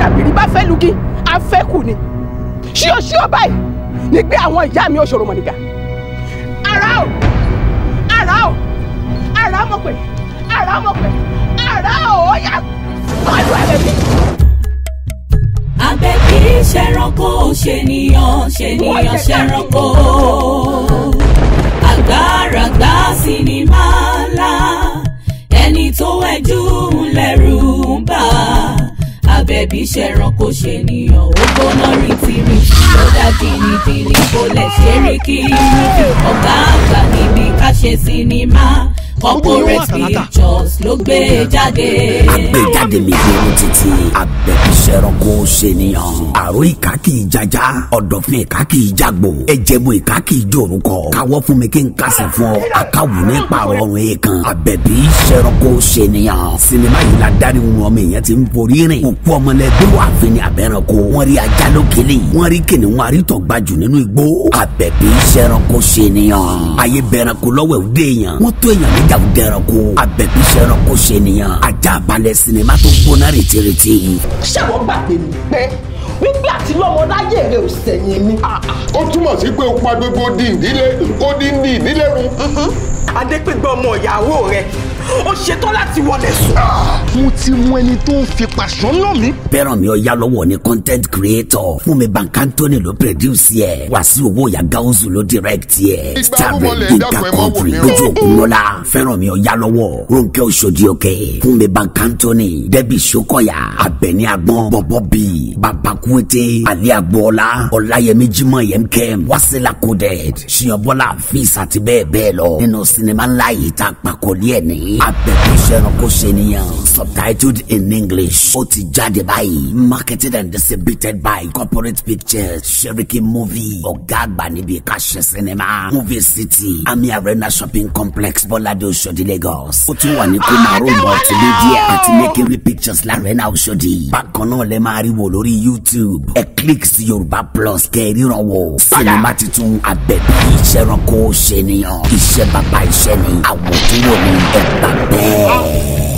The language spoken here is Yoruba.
dàbìrì bá fẹ́ lugi afẹ́kù ni ṣíọ ṣíọ báyìí ni pé àwọn ìyá mi ò ṣòro ara o ara o ara mọ̀ pé ara mọ̀ pé ara o ó yà pàlú ẹ̀rẹ̀ mi. àgbẹ̀ kì í ṣẹranko ṣènìyàn ṣènìyàn ṣẹranko àgbàràgbà sì ni ṣèbí ṣẹranko ṣènìyàn ó gbóná rìntìrì ó dá tìrìtìrì kò lẹ̀ ṣe é rí kí rí ọ̀gá àgbà níbi ká ṣe sinimá corporate pictures ló gbé jáde. àgbéjáde lè gbóhùn títí àbẹ̀kíṣẹ́rọ́kọ́ ṣèníyàn. àrò ìka kì í jaja ọ̀dọ̀fin ìka kì í jagbo ẹ̀jẹ̀bù ìka kì í jòrúkọ káwọ́ fún mi kí n kásẹ̀ fún ọ akáwù ní pààrọ̀ ọ̀run èèkan àbẹ̀kíṣẹ́rọ́kọ́ ṣèníyàn. sinimá yìí la dárí wọn ọmọ èèyàn ti ń forí rìn òkú ọmọlẹ́gbẹ́ wà fi ni àbẹ̀rànkọ wọ́n rí ajá lókèlè wọ́n rí kìnìún wọn àrítọ̀ gbajù nínú igbó àbẹ̀kíṣẹ́rọ́kọ́ ṣèníyàn. ayé bẹ̀rànkọ lọ́wọ́ ẹ̀ ajá ò dẹranko abẹ̀bí sẹranko ṣènìyàn ajá tó gbóná retireti. ṣẹ́wọ̀n gbàgbé mi pé wípé àti lọ́mọdáyé rẹ̀ ò sẹ̀yìn mi. ó túmọ̀ sí pé o pa gbogbo di ìdílé ó dín di ìdílé run. ọmọ ìyàwó rẹ ó ṣetán láti wọlé sùn. mo ti mú ẹni tó ń fi pàṣán náà mi. bẹ́ẹ̀rọ̀ mi ò yá lọ́wọ́ ní content creator Fúnmi Bankantoni ló produce yẹ Wàsíù Owóyà Gáúsù ló direct yẹ starring Yinka Quadri lójú Òkúnlọ́lá fẹ́ràn mi ò yá lọ́wọ́ Rónkẹ́ Òṣòdì Òkè Fúnmi Bankantoni Dẹ́bì Ṣókọ̀yà Abẹ́ni Agbọ́n Bọ̀bọ̀ Bì Bàbá Kúwété Alẹ́ Agboola Ọláyẹmí Jímọ̀ Yemkem Wásílà Coded Ṣìyànbọ́lá Fíìs àti bẹ́ẹ̀ bẹ́ẹ̀ lọ nínú sinimá ńlá yìí tá a pàkó pé abẹ̀bí sẹranko ṣènìyàn subtitled in english ó ti jáde báyìí marketed and distributed by corporate pictures seriki movie ọ̀gá àgbà níbi ìkàṣẹ sinimá movie city ami arena shopping complex bọ́ládé oṣòdì lagos ó tún wà ní kumaro multimedia àti mekiri pictures larena oṣòdì bákan náà lè máa rí lórí youtube ẹ click sí yorùbá plus kẹ́ ẹ ríran wò sinimá titun abẹ̀bí sẹranko ṣènìyàn iṣẹ́ bàbá iṣẹ́ ni àwòtúwò ni ẹ̀kọ́. a bear.